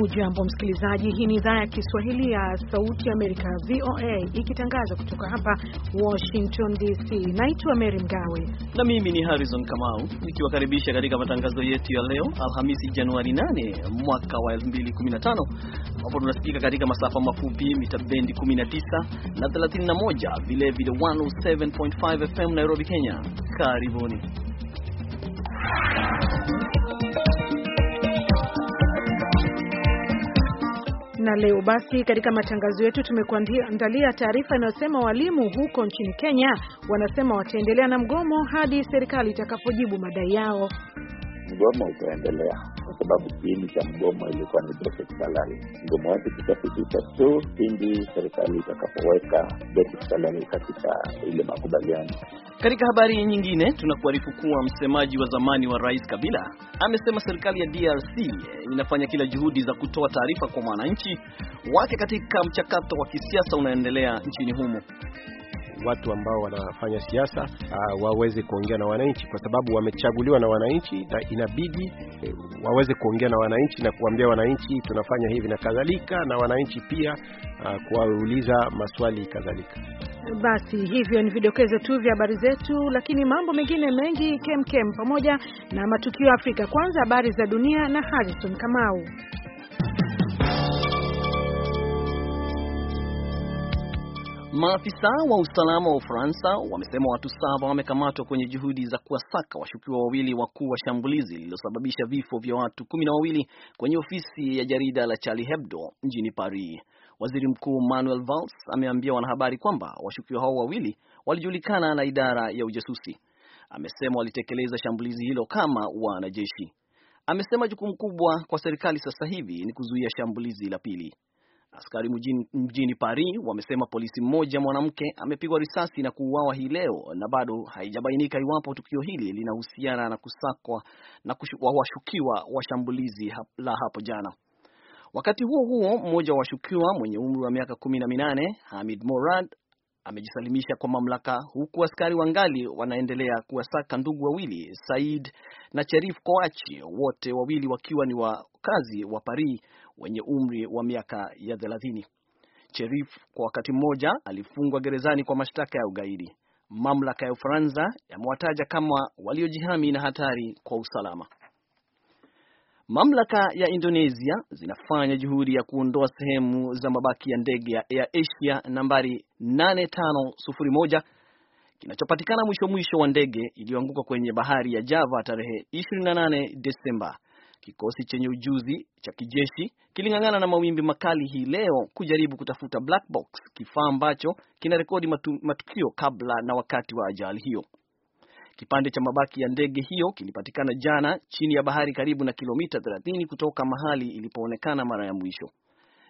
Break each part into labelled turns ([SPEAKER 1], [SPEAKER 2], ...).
[SPEAKER 1] Hujambo msikilizaji, hii ni idhaa ya Kiswahili ya Sauti ya Amerika, VOA, ikitangaza kutoka hapa Washington DC. Naitwa Mary Mgawe
[SPEAKER 2] na mimi ni Harrison Kamau, nikiwakaribisha katika matangazo yetu ya leo Alhamisi, Januari 8 mwaka wa 2015, ambapo tunasikika katika masafa mafupi mita bendi 19 na 31, vilevile 107.5 FM Nairobi, Kenya. Karibuni.
[SPEAKER 1] Na leo basi, katika matangazo yetu tumekuandalia taarifa inayosema walimu huko nchini Kenya wanasema wataendelea na mgomo hadi serikali itakapojibu madai yao.
[SPEAKER 3] Mgomo utaendelea sababu kiini cha mgomo ilikuwa ni basic Mgomo wake kitasitisha tu pindi serikali itakapoweka basic katika ile makubaliano.
[SPEAKER 2] Katika habari nyingine, tunakuarifu kuwa msemaji wa zamani wa Rais Kabila amesema serikali ya DRC inafanya kila juhudi za kutoa taarifa kwa mwananchi wake katika mchakato wa kisiasa unaendelea nchini humo
[SPEAKER 4] watu ambao wanafanya siasa uh, waweze kuongea na wananchi, kwa sababu wamechaguliwa na wananchi, na inabidi eh, waweze kuongea na wananchi na kuambia wananchi tunafanya hivi na kadhalika, na wananchi pia uh, kuwauliza maswali kadhalika.
[SPEAKER 1] Basi hivyo ni vidokezo tu vya habari zetu, lakini mambo mengine mengi kemkem, pamoja na matukio ya Afrika. Kwanza habari za dunia na Harrison Kamau.
[SPEAKER 2] Maafisa wa usalama wa Ufaransa wamesema watu saba wamekamatwa kwenye juhudi za kuwasaka washukiwa wawili wakuu wa shambulizi lililosababisha vifo vya watu kumi na wawili kwenye ofisi ya jarida la Charlie Hebdo mjini Paris. Waziri Mkuu Manuel Valls ameambia wanahabari kwamba washukiwa hao wawili walijulikana na idara ya ujasusi. Amesema walitekeleza shambulizi hilo kama wanajeshi. Amesema jukumu kubwa kwa serikali sasa hivi ni kuzuia shambulizi la pili. Askari mjini, mjini Paris wamesema polisi mmoja mwanamke amepigwa risasi na kuuawa hii leo na bado haijabainika iwapo tukio hili linahusiana na kusakwa na washukiwa wa shambulizi la hapo jana. Wakati huo huo, mmoja wa washukiwa mwenye umri wa miaka kumi na minane Hamid Morad amejisalimisha kwa mamlaka, huku askari wangali wanaendelea kuwasaka ndugu wawili Said na Cherif Koachi, wote wawili wakiwa ni wakazi wa Paris wenye umri wa miaka ya thelathini. Cherif kwa wakati mmoja alifungwa gerezani kwa mashtaka ya ugaidi. Mamlaka ya Ufaransa yamewataja kama waliojihami na hatari kwa usalama. Mamlaka ya Indonesia zinafanya juhudi ya kuondoa sehemu za mabaki ya ndege ya Air Asia nambari 8501 kinachopatikana mwisho mwisho wa ndege iliyoanguka kwenye bahari ya Java tarehe 28 Desemba. Kikosi chenye ujuzi cha kijeshi kiling'ang'ana na mawimbi makali hii leo kujaribu kutafuta black box, kifaa ambacho kinarekodi matukio kabla na wakati wa ajali hiyo. Kipande cha mabaki ya ndege hiyo kilipatikana jana chini ya bahari karibu na kilomita 30 kutoka mahali ilipoonekana mara ya mwisho.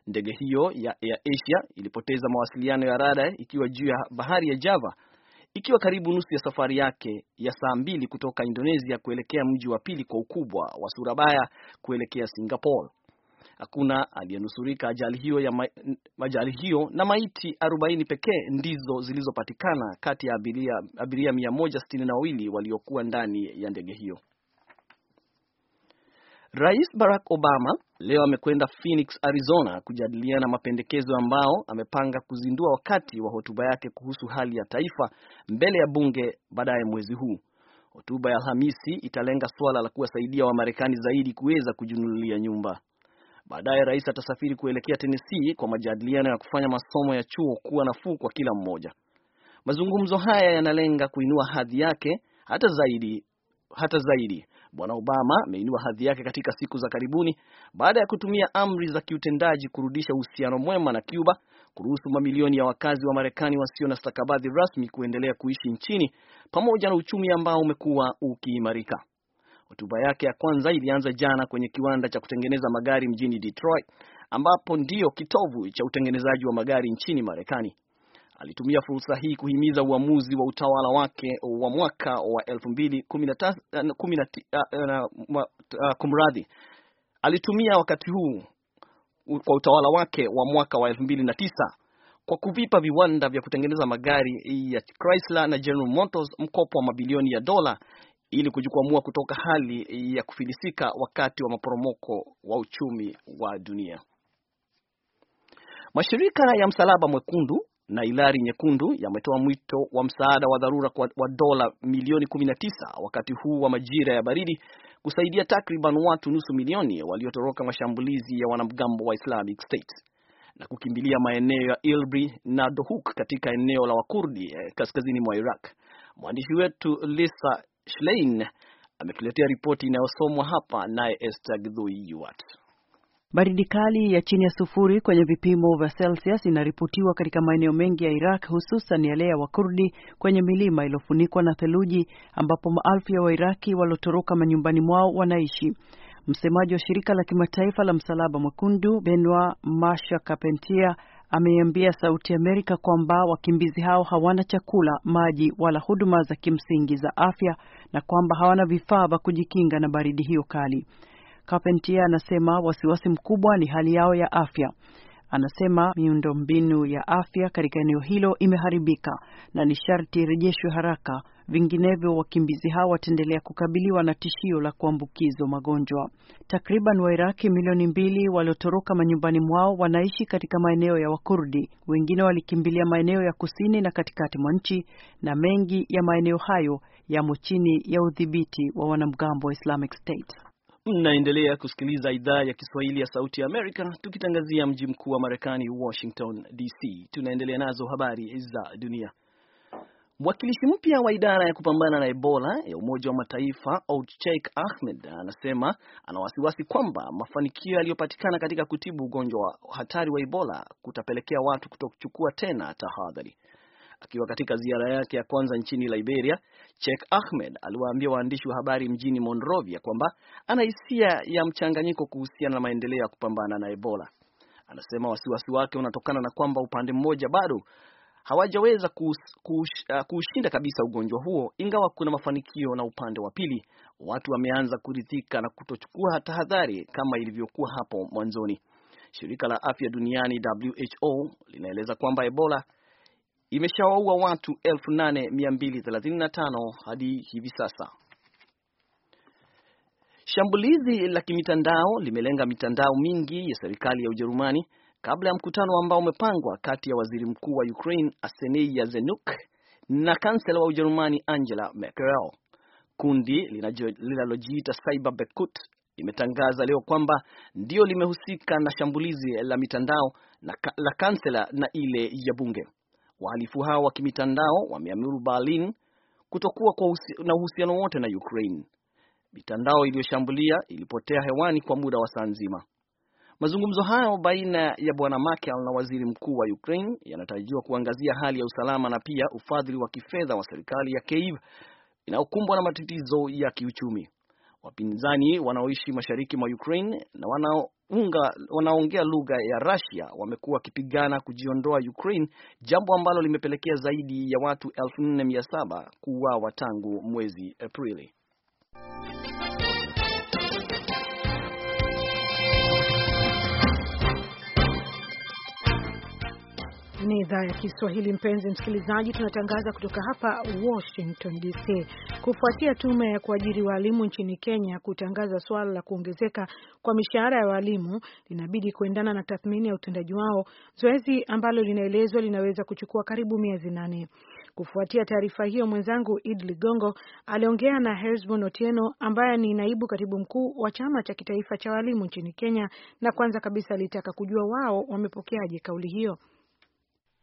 [SPEAKER 2] Ndege hiyo ya Air Asia ilipoteza mawasiliano ya rada ikiwa juu ya bahari ya Java ikiwa karibu nusu ya safari yake ya saa mbili kutoka Indonesia kuelekea mji wa pili kwa ukubwa wa Surabaya kuelekea Singapore. Hakuna aliyenusurika ajali hiyo ya ma... ajali hiyo na maiti 40 pekee ndizo zilizopatikana kati ya abiria, abiria 162 waliokuwa ndani ya ndege hiyo. Rais Barack Obama leo amekwenda Phoenix, Arizona kujadiliana mapendekezo ambao amepanga kuzindua wakati wa hotuba yake kuhusu hali ya taifa mbele ya bunge baadaye mwezi huu. Hotuba ya Alhamisi italenga suala la kuwasaidia Wamarekani zaidi kuweza kujinunulia nyumba. Baadaye rais atasafiri kuelekea Tennessee kwa majadiliano ya kufanya masomo ya chuo kuwa nafuu kwa kila mmoja. Mazungumzo haya yanalenga kuinua hadhi yake hata zaidi hata zaidi. Bwana Obama ameinua hadhi yake katika siku za karibuni baada ya kutumia amri za kiutendaji kurudisha uhusiano mwema na Cuba, kuruhusu mamilioni ya wakazi wa Marekani wasio na stakabadhi rasmi kuendelea kuishi nchini, pamoja na uchumi ambao umekuwa ukiimarika. Hotuba yake ya kwanza ilianza jana kwenye kiwanda cha kutengeneza magari mjini Detroit, ambapo ndiyo kitovu cha utengenezaji wa magari nchini Marekani alitumia fursa hii kuhimiza uamuzi wa utawala wake wa mwaka wa 2019 eh, eh, eh, kumradhi, alitumia wakati huu kwa utawala wake wa mwaka wa 2009 kwa kuvipa viwanda vya kutengeneza magari ya Chrysler na General Motors mkopo wa mabilioni ya dola ili kujikwamua kutoka hali ya kufilisika wakati wa maporomoko wa uchumi wa dunia. Mashirika ya Msalaba Mwekundu na Ilari Nyekundu yametoa mwito wa msaada wa dharura wa dola milioni 19 wakati huu wa majira ya baridi kusaidia takriban watu nusu milioni waliotoroka mashambulizi ya wanamgambo wa Islamic State na kukimbilia maeneo ya Ilbri na Dohuk katika eneo la Wakurdi eh, kaskazini mwa Iraq. Mwandishi wetu Lisa Schlein ametuletea ripoti inayosomwa hapa naye Esther Githui Yuat.
[SPEAKER 5] Baridi kali ya chini ya sufuri kwenye vipimo vya Celsius inaripotiwa katika maeneo mengi ya Iraq hususan yale ya Wakurdi kwenye milima iliyofunikwa na theluji ambapo maelfu ya Wairaki waliotoroka manyumbani mwao wanaishi. Msemaji wa shirika la kimataifa la Msalaba Mwekundu Benoit Masha Carpentier ameiambia Sauti Amerika kwamba wakimbizi hao hawana chakula, maji wala huduma za kimsingi za afya na kwamba hawana vifaa vya kujikinga na baridi hiyo kali. Carpentier anasema wasiwasi mkubwa ni hali yao ya afya. Anasema miundombinu ya afya katika eneo hilo imeharibika na ni sharti irejeshwe haraka, vinginevyo wakimbizi hao wataendelea kukabiliwa na tishio la kuambukizwa magonjwa. Takriban Wairaki milioni mbili waliotoroka manyumbani mwao wanaishi katika maeneo ya Wakurdi, wengine walikimbilia maeneo ya kusini na katikati mwa nchi, na mengi ya maeneo hayo yamo chini ya udhibiti wa wanamgambo wa Islamic State.
[SPEAKER 2] Mnaendelea kusikiliza idhaa ya Kiswahili ya Sauti ya Amerika, tukitangazia mji mkuu wa Marekani, Washington DC. Tunaendelea nazo habari za dunia. Mwakilishi mpya wa idara ya kupambana na Ebola ya Umoja wa Mataifa Ould Ahmed anasema ana wasiwasi kwamba mafanikio yaliyopatikana katika kutibu ugonjwa wa hatari wa Ebola kutapelekea watu kutochukua tena tahadhari. Akiwa katika ziara yake ya kwanza nchini Liberia, Chek Ahmed aliwaambia waandishi wa habari mjini Monrovia kwamba ana hisia ya mchanganyiko kuhusiana na maendeleo ya kupambana na Ebola. Anasema wasiwasi wake unatokana na kwamba upande mmoja bado hawajaweza ah, kuushinda kabisa ugonjwa huo, ingawa kuna mafanikio, na upande wa pili watu wameanza kuridhika na kutochukua tahadhari kama ilivyokuwa hapo mwanzoni. Shirika la afya duniani WHO linaeleza kwamba Ebola imeshawaua watu 8235 hadi hivi sasa. Shambulizi la kimitandao limelenga mitandao mingi ya serikali ya Ujerumani kabla ya mkutano ambao umepangwa kati ya waziri mkuu wa Ukraine Arseniy Yazenuk na kansela wa Ujerumani Angela Merkel. Kundi linalojiita Cyber Bekut limetangaza leo kwamba ndio limehusika na shambulizi la mitandao na la kansela na ile ya bunge. Wahalifu hao wa kimitandao wameamuru Berlin kutokuwa kwa usi, na uhusiano wote na Ukraine. Mitandao iliyoshambulia ilipotea hewani kwa muda wa saa nzima. Mazungumzo hayo baina ya Bwana Merkel na waziri mkuu wa Ukraine yanatarajiwa kuangazia hali ya usalama na pia ufadhili wa kifedha wa serikali ya Kiev inayokumbwa na matatizo ya kiuchumi. Wapinzani wanaoishi mashariki mwa Ukraine na wanao unga wanaongea lugha ya Russia wamekuwa wakipigana kujiondoa Ukraine, jambo ambalo limepelekea zaidi ya watu 4700 kuuawa tangu mwezi Aprili.
[SPEAKER 1] ni idhaa ya Kiswahili. Mpenzi msikilizaji, tunatangaza kutoka hapa Washington DC. Kufuatia tume ya kuajiri waalimu nchini Kenya kutangaza suala la kuongezeka kwa mishahara ya waalimu linabidi kuendana na tathmini ya utendaji wao, zoezi ambalo linaelezwa linaweza kuchukua karibu miezi nane. Kufuatia taarifa hiyo, mwenzangu Id Ligongo aliongea na Hesbon Otieno ambaye ni naibu katibu mkuu wa chama cha kitaifa cha waalimu nchini Kenya, na kwanza kabisa alitaka kujua wao wamepokeaje kauli hiyo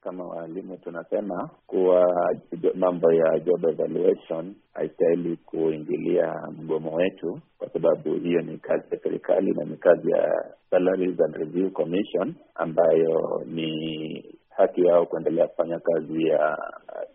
[SPEAKER 3] kama waalimu tunasema kuwa mambo ya job evaluation haistahili kuingilia mgomo wetu, kwa sababu hiyo ni kazi ya serikali na ni kazi ya Salaries and Review Commission ambayo ni haki yao kuendelea kufanya kazi ya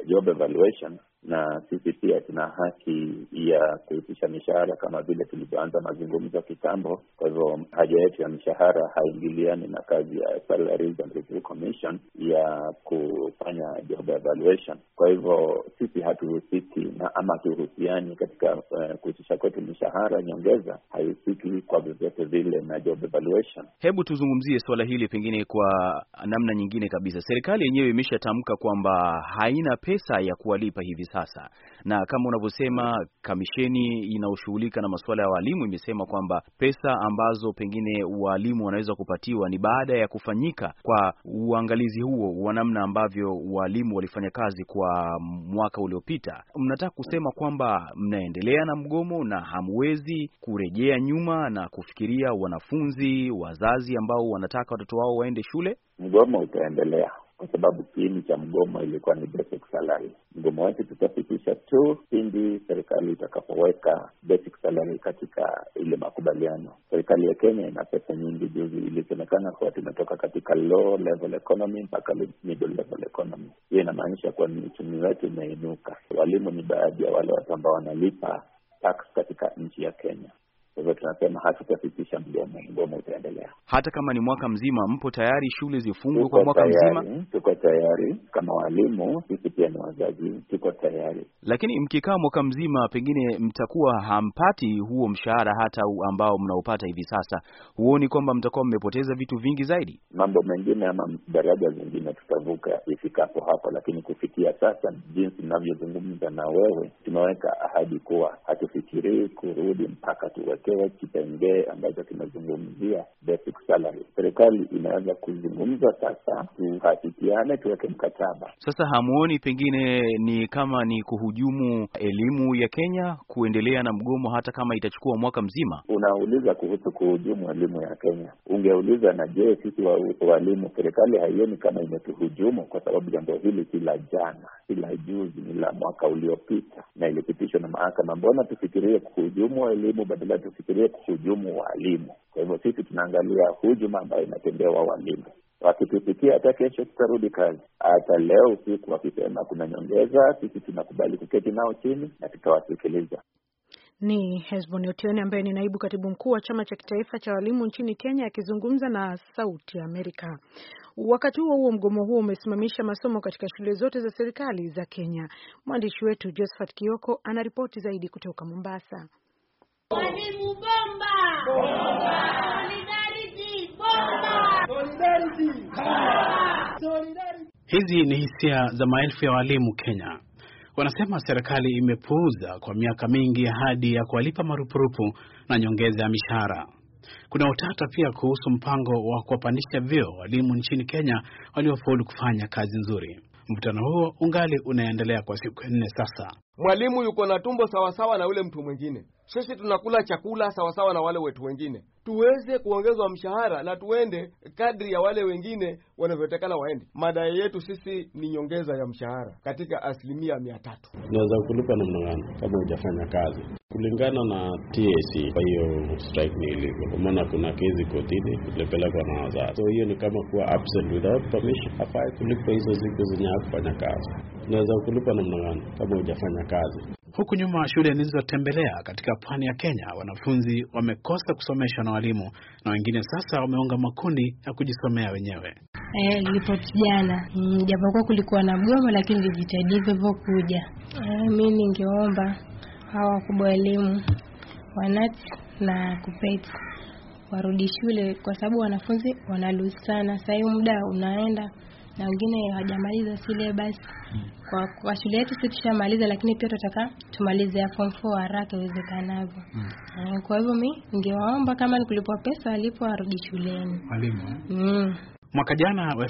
[SPEAKER 3] job evaluation na sisi pia tuna haki ya kuhusisha mishahara kama vile tulivyoanza mazungumzo kitambo. Kwa hivyo haja yetu ya mishahara haingiliani na kazi ya Salaries and Review Commission ya kufanya job evaluation. Kwa hivyo sisi hatuhusiki na ama hatuhusiani katika uh, kuitisha kwetu mishahara. Nyongeza haihusiki kwa vyovyote vile na job evaluation.
[SPEAKER 6] Hebu tuzungumzie suala hili pengine kwa namna nyingine kabisa. Serikali yenyewe imeshatamka kwamba haina pesa ya kuwalipa hivi sasa. Na kama unavyosema, kamisheni inayoshughulika na masuala ya walimu imesema kwamba pesa ambazo pengine walimu wanaweza kupatiwa ni baada ya kufanyika kwa uangalizi huo wa namna ambavyo walimu walifanya kazi kwa mwaka uliopita. Mnataka kusema kwamba mnaendelea na mgomo na hamwezi kurejea nyuma na kufikiria wanafunzi, wazazi ambao wanataka watoto wao waende shule?
[SPEAKER 3] Mgomo utaendelea kwa sababu kiini cha mgomo ilikuwa ni basic salary. Mgomo wetu tutapitisha tu pindi serikali itakapoweka basic salary katika ile makubaliano. Serikali ya Kenya ina pesa nyingi. Juzi ilisemekana kuwa tumetoka katika low level economy mpaka middle level economy. Hiyo inamaanisha kuwa ni uchumi wetu umeinuka. Walimu ni baadhi ya wale watu ambao wanalipa tax katika nchi ya Kenya. Kwa hivyo tunasema hatutasitisha mgomo, mgomo utaendelea
[SPEAKER 6] hata kama ni mwaka mzima. Mpo tayari shule zifungwe kwa mwaka tayari mzima? Tuko
[SPEAKER 3] tayari
[SPEAKER 6] kama walimu, sisi pia ni wazazi, tuko tayari. Lakini mkikaa mwaka mzima, pengine mtakuwa hampati huo mshahara hata ambao mnaopata hivi sasa, huoni kwamba mtakuwa mmepoteza vitu vingi zaidi?
[SPEAKER 3] Mambo mengine ama daraja zingine tutavuka ifikapo hapo, lakini kufikia sasa, jinsi ninavyozungumza na wewe, tumeweka ahadi kuwa hatufikirii kurudi mpaka tuwe tumewekewa kipengee ambacho kinazungumzia basic salary. Serikali inaweza kuzungumza sasa, tuhakikiane, tuweke mkataba.
[SPEAKER 6] Sasa hamuoni pengine ni kama ni kuhujumu elimu ya Kenya kuendelea na mgomo hata kama itachukua mwaka mzima?
[SPEAKER 3] Unauliza kuhusu kuhujumu elimu ya Kenya, ungeuliza na je, sisi walimu, serikali haioni kama imetuhujumu? Kwa sababu jambo hili si la jana, si la juzi, ni la mwaka uliopita na ilipitishwa na mahakama. Mbona tufikirie kuhujumu elimu badala ya tusifikirie kuhujumu waalimu. Kwa hivyo sisi tunaangalia hujuma ambayo inatendewa walimu wakitusikia hata kesho tutarudi kazi, hata leo usiku wakisema kuna nyongeza, sisi tunakubali kuketi nao chini na tutawasikiliza.
[SPEAKER 1] Ni Hezbon Otieno ambaye ni naibu katibu mkuu wa chama cha kitaifa cha walimu nchini Kenya akizungumza na Sauti ya Amerika. Wakati huo huo, mgomo huo umesimamisha masomo katika shule zote za serikali za Kenya. Mwandishi wetu Josephat Kioko anaripoti zaidi kutoka Mombasa. Mwalimu bomba! Bomba! Solidarity bomba! Solidarity!
[SPEAKER 7] Hizi ni hisia za maelfu ya walimu Kenya. Wanasema serikali imepuuza kwa miaka mingi ahadi ya kuwalipa marupurupu na nyongeza ya mishahara. Kuna utata pia kuhusu mpango wa kuwapandisha vyeo walimu nchini Kenya waliofaulu kufanya kazi nzuri. Mvutano huo ungali unaendelea kwa siku nne sasa.
[SPEAKER 6] Mwalimu yuko na tumbo sawasawa na yule mtu mwingine, sisi tunakula chakula sawasawa na wale wetu wengine. Tuweze kuongezwa mshahara na tuende
[SPEAKER 4] kadri ya wale wengine wanavyotakana waende. Madai yetu sisi ni nyongeza ya mshahara katika asilimia mia tatu. Unaweza kulipa namna gani kama hujafanya kazi? kulingana
[SPEAKER 7] na TSC. Kwa hiyo strike ni illegal, kwa maana kuna kesi kotini tulipelekwa na wazazi, so hiyo ni kama kuwa absent without permission. Hafai kulipa hizo siku zenye hakufanya kazi.
[SPEAKER 4] Unaweza kulipa namna gani kama hujafanya kazi?
[SPEAKER 7] Huku nyuma shule nilizotembelea katika pwani ya Kenya, wanafunzi wamekosa kusomeshwa na walimu na wengine sasa wameunga makundi ya kujisomea wenyewe.
[SPEAKER 1] Eh, ripoti jana, mm, japokuwa kulikuwa na mgomo, lakini nilijitahidi hivyo kuja. Eh, mimi ningeomba hawa wakubwa elimu wanat na kupet warudi shule, kwa sababu wanafunzi wanaluzi sana. sahii muda unaenda na wengine hawajamaliza syllabus. Hmm. Kwa, kwa shule yetu si tushamaliza, lakini pia tunataka tumalize ya form haraka iwezekanavyo. Mm. Kwa hivyo mi ningewaomba kama ni kulipwa pesa walipo warudi shuleni Mm.
[SPEAKER 7] Mwaka jana wa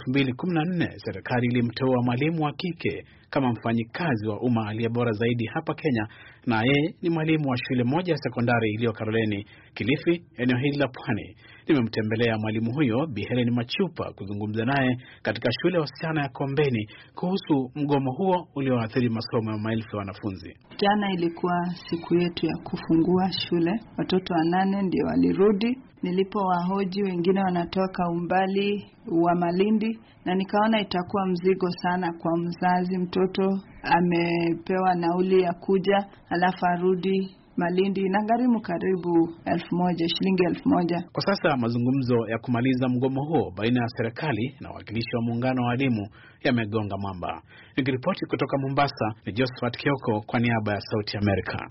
[SPEAKER 7] nne serikali ilimtoa mwalimu wa kike kama mfanyikazi wa umma aliye bora zaidi hapa Kenya, na yeye ni mwalimu wa shule moja ya sekondari iliyo Karoleni, Kilifi, eneo hili la pwani. Nimemtembelea mwalimu huyo Bi Helen Machupa kuzungumza naye katika shule ya wasichana ya Kombeni kuhusu mgomo huo ulioathiri masomo ya maelfu ya wanafunzi.
[SPEAKER 5] Jana ilikuwa siku yetu ya kufungua shule, watoto wanane ndio walirudi. Nilipowahoji, wengine wanatoka umbali wa Malindi, na nikaona itakuwa mzigo sana kwa mzazi mtu mtoto amepewa nauli ya kuja alafu arudi Malindi gharimu karibu elfu moja shilingi elfu moja.
[SPEAKER 7] Kwa sasa mazungumzo ya kumaliza mgomo huo baina ya serikali na wawakilishi wa muungano wa walimu yamegonga mwamba. Nikiripoti kutoka Mombasa ni Josephat Kioko kwa niaba ya Sauti Amerika.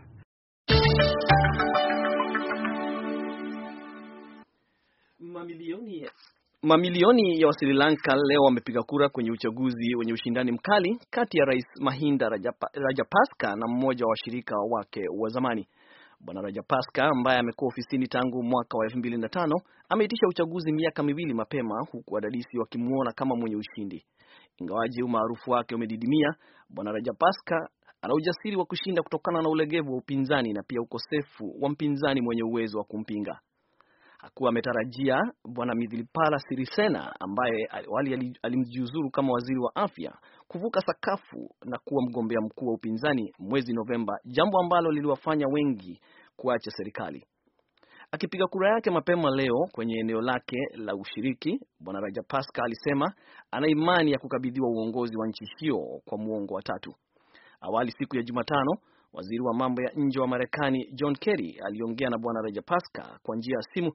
[SPEAKER 2] Mamilioni Mamilioni ya Wasri Lanka leo wamepiga kura kwenye uchaguzi wenye ushindani mkali kati ya Rais Mahinda Rajapaksa na mmoja wa washirika wake wa zamani. Bwana Rajapaksa ambaye amekuwa ofisini tangu mwaka wa 2005 ameitisha uchaguzi miaka miwili mapema, huku wadadisi wakimwona kama mwenye ushindi. Ingawaji umaarufu wake umedidimia, Bwana Rajapaksa ana ujasiri wa kushinda kutokana na ulegevu wa upinzani na pia ukosefu wa mpinzani mwenye uwezo wa kumpinga akuwa ametarajia Bwana Midhilipala Sirisena ambaye awali alimjiuzuru kama waziri wa afya kuvuka sakafu na kuwa mgombea mkuu wa upinzani mwezi Novemba, jambo ambalo liliwafanya wengi kuacha serikali. Akipiga kura yake mapema leo kwenye eneo lake la ushiriki, Bwana Rajapaksa alisema ana imani ya kukabidhiwa uongozi wa nchi hiyo kwa muongo wa tatu. Awali siku ya Jumatano Waziri wa mambo ya nje wa Marekani John Kerry aliongea na Bwana Rajapaksa kwa njia ya simu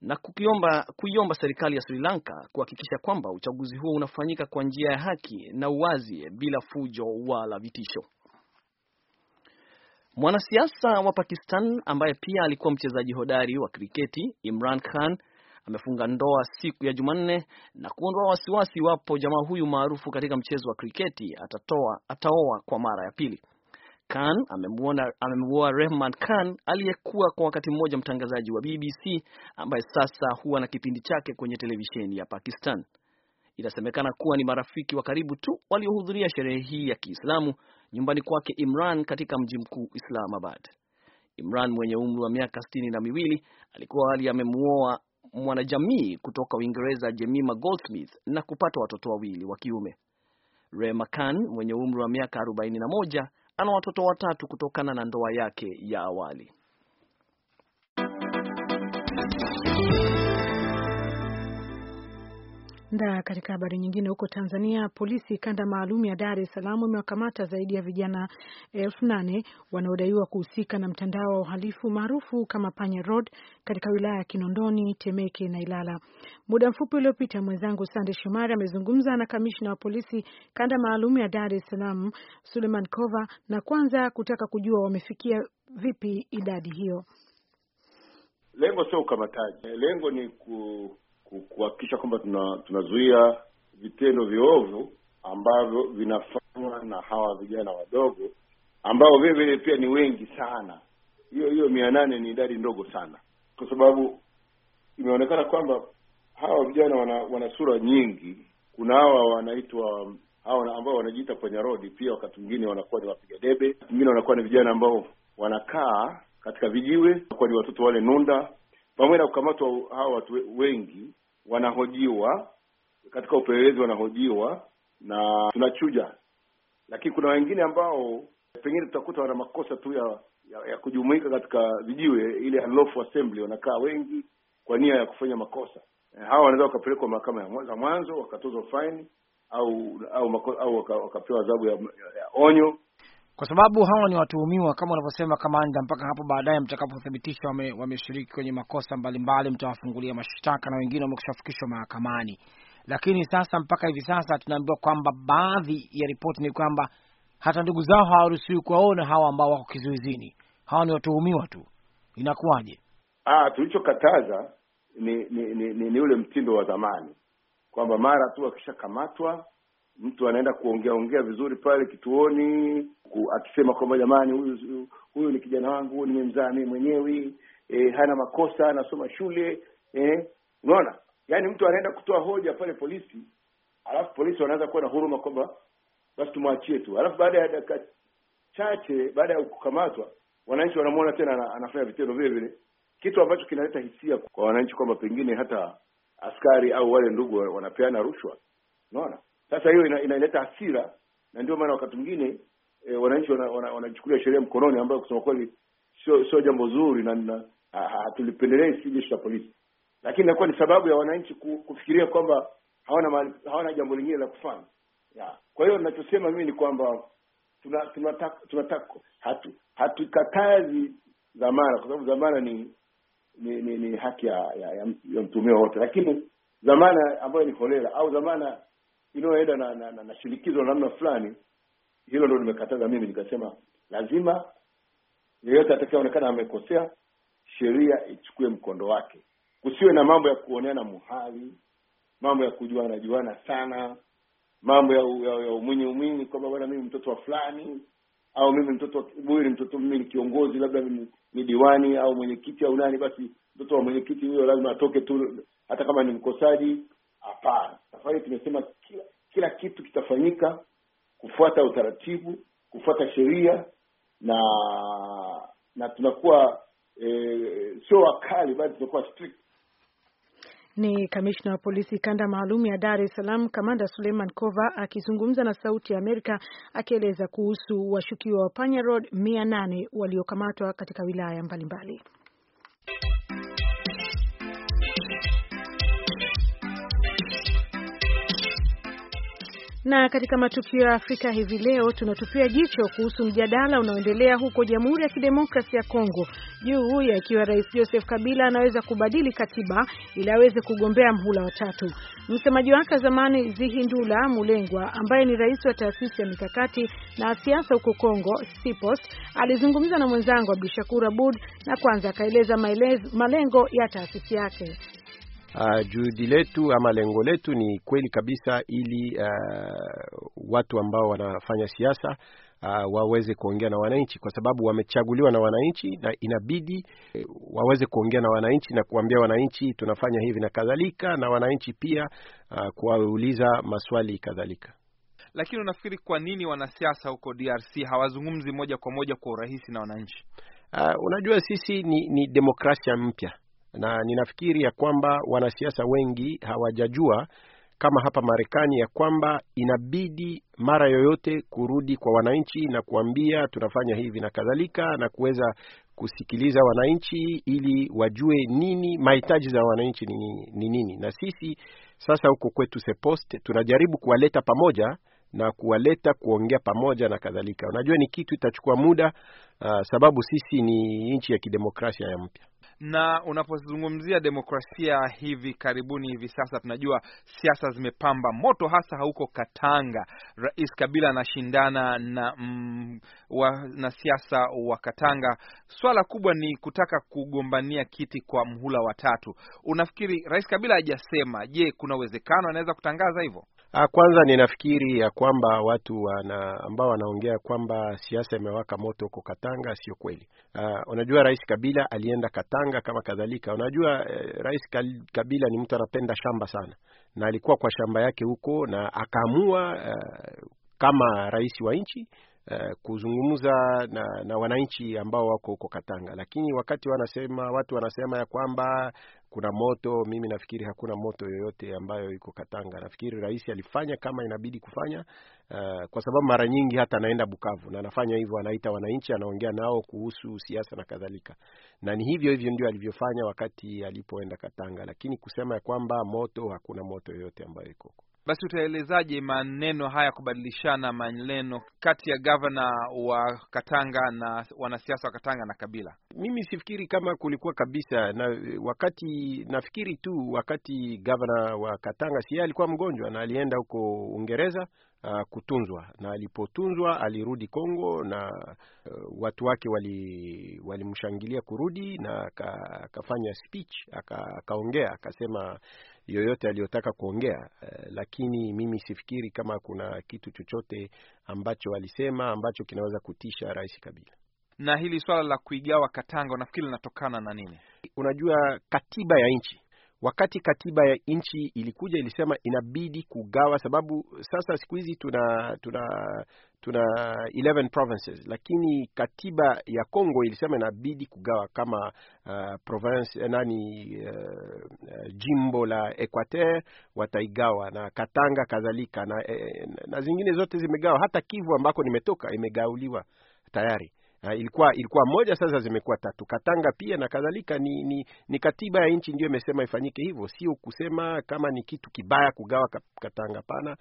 [SPEAKER 2] na kukiomba, kuiomba serikali ya Sri Lanka kuhakikisha kwamba uchaguzi huo unafanyika kwa njia ya haki na uwazi bila fujo wala vitisho. Mwanasiasa wa Pakistan ambaye pia alikuwa mchezaji hodari wa kriketi Imran Khan amefunga ndoa siku ya Jumanne na kuondoa wasiwasi iwapo jamaa huyu maarufu katika mchezo wa kriketi atatoa, ataoa kwa mara ya pili. Khan amemwoa Rehman Khan aliyekuwa kwa wakati mmoja mtangazaji wa BBC ambaye sasa huwa na kipindi chake kwenye televisheni ya Pakistan. Inasemekana kuwa ni marafiki wa karibu tu waliohudhuria sherehe hii ya Kiislamu nyumbani kwake Imran katika mji mkuu Islamabad. Imran mwenye umri wa miaka sitini na miwili alikuwa hali amemwoa mwanajamii kutoka Uingereza Jemima Goldsmith na kupata watoto wawili wa kiume. Rema Khan mwenye umri wa miaka 41 ana watoto watatu kutokana na ndoa yake ya awali.
[SPEAKER 1] Na katika habari nyingine, huko Tanzania, polisi kanda maalum ya Dar es Salaam imewakamata zaidi ya vijana elfu nane wanaodaiwa kuhusika na mtandao wa uhalifu maarufu kama Panya Road katika wilaya ya Kinondoni, Temeke na Ilala. Muda mfupi uliopita, mwenzangu Sande Shomari amezungumza na kamishna wa polisi kanda maalum ya Dar es Salaam Suleiman Kova, na kwanza kutaka kujua wamefikia vipi idadi hiyo.
[SPEAKER 8] Lengo sio ukamataji, lengo ni ku kuhakikisha kwamba tunazuia tuna vitendo viovu ambavyo vinafanywa na hawa vijana wadogo ambao vile vile pia ni wengi sana. Hiyo hiyo mia nane ni idadi ndogo sana, kwa sababu imeonekana kwamba hawa vijana wana, wana sura nyingi. Kuna hawa wanaitwa hawa ambao wanajiita kwenye rodi, pia wakati mwingine wanakuwa ni wapiga debe, wengine wanakuwa ni vijana ambao wanakaa katika vijiwe, wanakuwa ni watoto wale nunda pamoja na kukamatwa hawa watu wengi, wanahojiwa katika upelelezi, wanahojiwa na tunachuja, lakini kuna wengine ambao pengine tutakuta wana makosa tu ya, ya, ya kujumuika katika vijiwe, ile unlawful assembly, wanakaa wengi kwa nia ya kufanya makosa. Eh, hawa wanaweza wakapelekwa mahakama ya mwanzo, wakatozwa faini au au, au, au wakapewa adhabu ya, ya,
[SPEAKER 6] ya onyo kwa sababu hawa ni watuhumiwa kama unavyosema kamanda, mpaka hapo baadaye mtakapothibitisha wameshiriki wame kwenye makosa mbalimbali, mtawafungulia mashtaka na wengine wamekushafikishwa mahakamani. Lakini sasa mpaka hivi sasa tunaambiwa kwamba baadhi ya ripoti ni kwamba hata ndugu zao hawaruhusiwi kuwaona hawa ambao wako kizuizini. Hawa ni watuhumiwa tu, inakuwaje?
[SPEAKER 8] Ah, tulichokataza ni ni, ni, ni ni ule mtindo wa zamani kwamba mara tu akishakamatwa mtu anaenda kuongea ongea vizuri pale kituoni ku, akisema kwamba jamani, huyu huyu ni kijana wangu, huyu nimemzaa mimi mwenyewe e, hana makosa, anasoma shule e, unaona yaani mtu anaenda kutoa hoja pale polisi, alafu polisi wanaanza kuwa na huruma kwamba basi tumwachie tu, alafu baada ya dakika chache baada ya kukamatwa, wananchi wanamwona tena anafanya vitendo vile vile, kitu ambacho kinaleta hisia kwa wananchi kwamba pengine hata askari au wale ndugu wanapeana rushwa, unaona. Sasa hiyo ina, inaleta hasira na ndio maana wakati mwingine e, wananchi wanachukulia wana, wana sheria mkononi ambayo kusema kweli sio sio jambo zuri na, hatulipendelei si jeshi la polisi, lakini inakuwa ni sababu ya wananchi kufikiria kwamba hawana hawana jambo lingine la kufanya ya. Kwa hiyo ninachosema mimi ni kwamba tunataka tuna, tuna, hatu hatukatazi dhamana, kwa sababu dhamana ni ni, ni ni haki ya ya, ya, ya wote, lakini dhamana ambayo ni holela au dhamana inayoenda na, na, na, na shinikizo la namna fulani. Hilo ndo nimekataza mimi, nikasema lazima yeyote atakayeonekana amekosea sheria ichukue mkondo wake. Kusiwe na mambo ya kuoneana muhali, mambo ya kujuana juana sana, mambo ya, ya, ya umwinyi umwinyi kwamba bwana, mimi mtoto wa fulani au mimi mtoto huyu ni mtoto, mimi ni kiongozi, labda ni, ni diwani au mwenyekiti au nani, basi mtoto wa mwenyekiti huyo lazima atoke tu, hata kama ni mkosaji, Hapana, safari tumesema kila, kila kitu kitafanyika kufuata utaratibu, kufuata sheria na na tunakuwa e, sio wakali bali tunakuwa strict.
[SPEAKER 1] Ni kamishna wa polisi kanda maalum ya Dar es Salaam, kamanda Suleiman Kova akizungumza na Sauti ya Amerika akieleza kuhusu washukiwa wa Panya Road mia nane waliokamatwa katika wilaya mbalimbali mbali. Na katika matukio ya Afrika hivi leo tunatupia jicho kuhusu mjadala unaoendelea huko Jamhuri ya Kidemokrasia ya Kongo juu ya ikiwa Rais Joseph Kabila anaweza kubadili katiba ili aweze kugombea mhula watatu. Msemaji wake zamani Zihindula Mulengwa ambaye ni rais wa taasisi ya mikakati na siasa huko Kongo SIPOST alizungumza na mwenzangu Abdushakur Abud na kwanza akaeleza malengo ya taasisi yake.
[SPEAKER 4] Uh, juhudi letu ama lengo letu ni kweli kabisa, ili uh, watu ambao wanafanya siasa uh, waweze kuongea na wananchi, kwa sababu wamechaguliwa na wananchi, na inabidi uh, waweze kuongea na wananchi na kuambia wananchi tunafanya hivi na kadhalika, na wananchi pia uh, kuwauliza maswali kadhalika.
[SPEAKER 9] Lakini unafikiri kwa nini wanasiasa huko DRC hawazungumzi moja kwa moja kwa urahisi na wananchi?
[SPEAKER 4] Uh, unajua sisi ni, ni demokrasia mpya na ninafikiri ya kwamba wanasiasa wengi hawajajua kama hapa Marekani ya kwamba inabidi mara yoyote kurudi kwa wananchi na kuambia tunafanya hivi na kadhalika, na kuweza kusikiliza wananchi ili wajue nini mahitaji za wananchi ni nini. Na sisi sasa huko kwetu Sepost tunajaribu kuwaleta pamoja na kuwaleta kuongea pamoja na kadhalika. Unajua ni kitu itachukua muda, uh, sababu sisi ni nchi ya kidemokrasia ya mpya.
[SPEAKER 9] Na unapozungumzia demokrasia hivi karibuni, hivi sasa tunajua siasa zimepamba moto, hasa huko Katanga. Rais Kabila anashindana na mm, siasa wa Katanga. Swala kubwa ni kutaka kugombania kiti kwa mhula wa tatu. Unafikiri Rais Kabila hajasema? Je, kuna uwezekano anaweza kutangaza hivyo?
[SPEAKER 4] Ah, kwanza ninafikiri ya kwamba watu wana, ambao wanaongea kwamba siasa imewaka moto huko Katanga sio kweli. Ah, unajua Rais Kabila alienda Katanga kama kadhalika. Unajua e, Rais Kabila ni mtu anapenda shamba sana, na alikuwa kwa shamba yake huko na akaamua eh, kama rais wa nchi Eh, kuzungumza na, na wananchi ambao wako huko Katanga, lakini wakati wanasema watu wanasema ya kwamba kuna moto, mimi nafikiri hakuna moto yoyote ambayo iko Katanga. Nafikiri rais alifanya kama inabidi kufanya, uh, kwa sababu mara nyingi hata anaenda Bukavu na anafanya hivyo, anaita wananchi, anaongea nao kuhusu siasa na kadhalika, na ni hivyo hivyo ndio alivyofanya wakati alipoenda Katanga, lakini kusema ya kwamba moto, hakuna moto yoyote ambayo iko huko.
[SPEAKER 9] Basi utaelezaje maneno haya kubadilishana maneno kati ya gavana wa Katanga na wanasiasa wa Katanga na Kabila?
[SPEAKER 4] Mimi sifikiri kama kulikuwa kabisa na wakati, nafikiri tu wakati gavana wa Katanga si alikuwa mgonjwa na alienda huko Uingereza Uh, kutunzwa na alipotunzwa alirudi Kongo na uh, watu wake walimshangilia wali kurudi na akafanya speech akaongea, akasema yoyote aliyotaka kuongea, eh, lakini mimi sifikiri kama kuna kitu chochote ambacho alisema ambacho kinaweza kutisha Rais Kabila.
[SPEAKER 9] Na hili swala la kuigawa Katanga unafikiri linatokana na nini?
[SPEAKER 4] Unajua, katiba ya nchi wakati katiba ya nchi ilikuja ilisema inabidi kugawa, sababu sasa siku hizi tuna tuna tuna 11 provinces, lakini katiba ya Kongo ilisema inabidi kugawa kama uh, province eh, nani uh, uh, jimbo la Equateur wataigawa na Katanga kadhalika na, eh, na zingine zote zimegawa, hata Kivu ambako nimetoka imegauliwa tayari Ha, eh, ilikuwa ilikuwa moja, sasa zimekuwa tatu. Katanga pia na kadhalika. Ni, ni, ni katiba ya nchi ndiyo imesema ifanyike hivyo, sio kusema kama ni kitu kibaya kugawa Katanga. Pana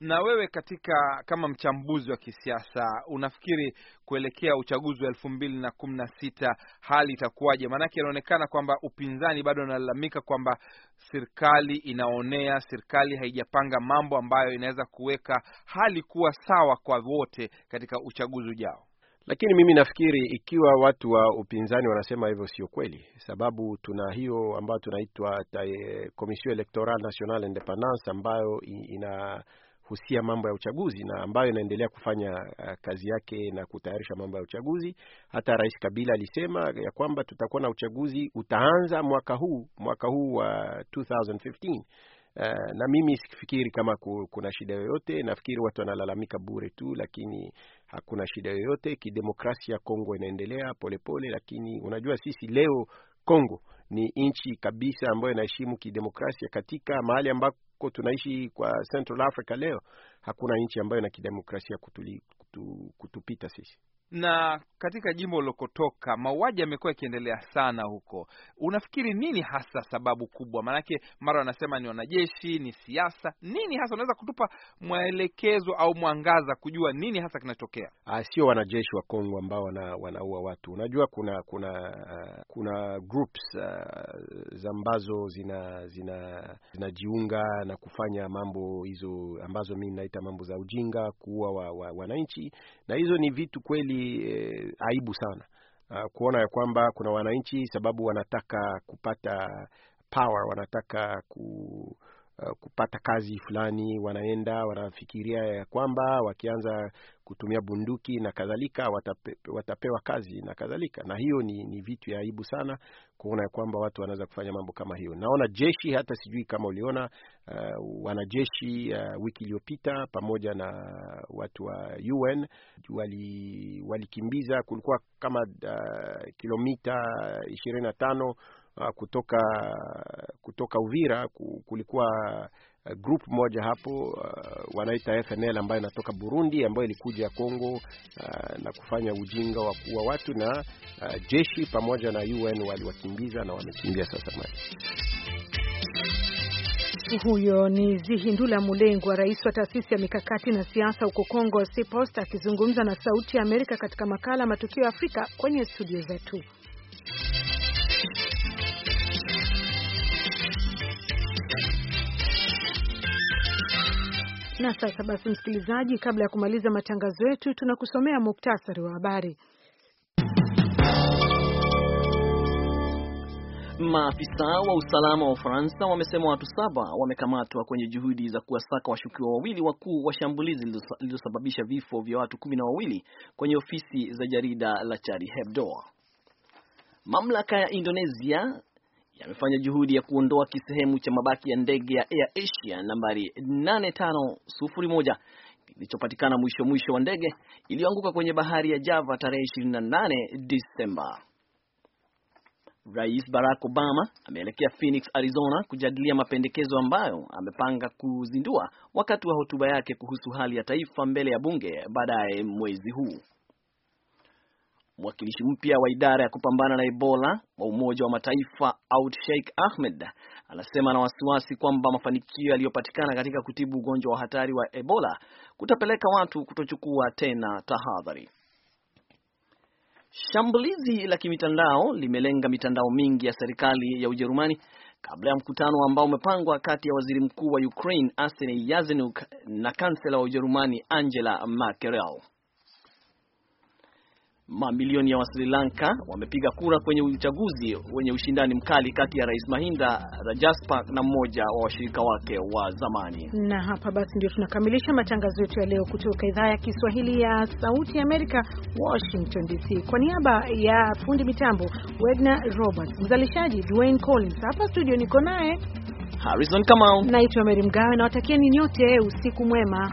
[SPEAKER 9] na wewe, katika kama mchambuzi wa kisiasa, unafikiri kuelekea uchaguzi wa elfu mbili na kumi na sita hali itakuwaje? Maanake inaonekana kwamba upinzani bado unalalamika kwamba serikali inaonea, serikali haijapanga mambo ambayo inaweza kuweka hali kuwa sawa kwa wote katika uchaguzi ujao.
[SPEAKER 4] Lakini mimi nafikiri ikiwa watu wa upinzani wanasema hivyo, sio kweli, sababu tuna hiyo ambayo tunaitwa eh, Commission electoral national Independance ambayo ina husia mambo ya uchaguzi na ambayo inaendelea kufanya eh, kazi yake na kutayarisha mambo ya uchaguzi. Hata Rais Kabila alisema ya kwamba tutakuwa na uchaguzi utaanza mwaka huu mwaka huu wa 2015 Eh, na mimi sifikiri kama kuna shida yoyote. Nafikiri watu wanalalamika bure tu, lakini hakuna shida yoyote. Kidemokrasia Kongo inaendelea polepole, lakini unajua sisi leo Kongo ni nchi kabisa ambayo inaheshimu kidemokrasia. Katika mahali ambako tunaishi kwa Central Africa leo, hakuna nchi ambayo ina kidemokrasia kutu, kutupita sisi.
[SPEAKER 9] Na katika jimbo ulokotoka mauaji yamekuwa yakiendelea sana huko, unafikiri nini hasa sababu kubwa? Maanake mara wanasema ni wanajeshi, ni siasa, nini hasa? Unaweza kutupa mwelekezo au mwangaza kujua nini hasa kinachotokea?
[SPEAKER 4] Ah, sio wanajeshi wa Kongo ambao wanaua watu. Unajua kuna kuna uh, kuna groups uh, ambazo zina zinajiunga zina na kufanya mambo hizo ambazo mi naita mambo za ujinga, kuua wananchi wa, wa na hizo ni vitu kweli e, aibu sana a, ah, kuona ya kwamba kuna wananchi sababu wanataka kupata power, wanataka ku Uh, kupata kazi fulani, wanaenda wanafikiria ya kwamba wakianza kutumia bunduki na kadhalika watape, watapewa kazi na kadhalika, na hiyo ni, ni vitu ya aibu sana kuona ya kwamba watu wanaweza kufanya mambo kama hiyo. Naona jeshi hata sijui kama uliona uh, wanajeshi uh, wiki iliyopita pamoja na watu wa UN walikimbiza kulikuwa kama uh, kilomita ishirini na tano Ah, kutoka kutoka Uvira. Kulikuwa eh, group moja hapo ah, wanaita FNL ambayo inatoka Burundi, ambayo ilikuja Kongo ah, na kufanya ujinga wa kuua watu, na jeshi pamoja na UN waliwakimbiza na wamekimbia sasa Mali.
[SPEAKER 1] Huyo ni Zihindula Mulengwa, rais wa taasisi ya mikakati na siasa huko Kongo, SIPOST, akizungumza na Sauti ya Amerika katika makala Matukio ya Afrika kwenye studio zetu. Na sasa basi, msikilizaji, kabla ya kumaliza matangazo yetu, tunakusomea muktasari wa habari.
[SPEAKER 2] Maafisa wa usalama wa Ufaransa wamesema watu saba wamekamatwa kwenye juhudi za kuwasaka washukiwa wawili wakuu wa shambulizi lililosababisha vifo vya watu kumi na wawili kwenye ofisi za jarida la Charlie Hebdo. Mamlaka ya Indonesia yamefanya juhudi ya kuondoa kisehemu cha mabaki ya ndege ya Air Asia nambari 8501 kilichopatikana mwisho mwisho wa ndege iliyoanguka kwenye bahari ya Java tarehe 28 Disemba. Rais Barack Obama ameelekea Phoenix, Arizona kujadilia mapendekezo ambayo amepanga kuzindua wakati wa hotuba yake kuhusu hali ya taifa mbele ya bunge baadaye mwezi huu. Mwakilishi mpya wa idara ya kupambana na Ebola wa Umoja wa Mataifa Aud Sheikh Ahmed anasema na wasiwasi kwamba mafanikio yaliyopatikana katika kutibu ugonjwa wa hatari wa Ebola kutapeleka watu kutochukua tena tahadhari. Shambulizi la kimitandao limelenga mitandao mingi ya serikali ya Ujerumani kabla ya mkutano ambao umepangwa kati ya waziri mkuu wa Ukraine Arseniy yazenuk na kansela wa Ujerumani Angela Merkel. Mamilioni ya sri Lanka wamepiga kura kwenye uchaguzi wenye ushindani mkali kati ya Rais Mahinda Rajapaksa na mmoja wa washirika wake wa zamani.
[SPEAKER 1] Na hapa basi ndio tunakamilisha matangazo yetu ya leo kutoka idhaa ya Kiswahili ya Sauti ya Amerika, Washington DC. Kwa niaba ya fundi mitambo Wedna Roberts, mzalishaji Dwayne Collins, hapa studio niko naye
[SPEAKER 2] Harrison Kamau,
[SPEAKER 1] naitwa Mary Mgawe na watakieni nyote usiku mwema.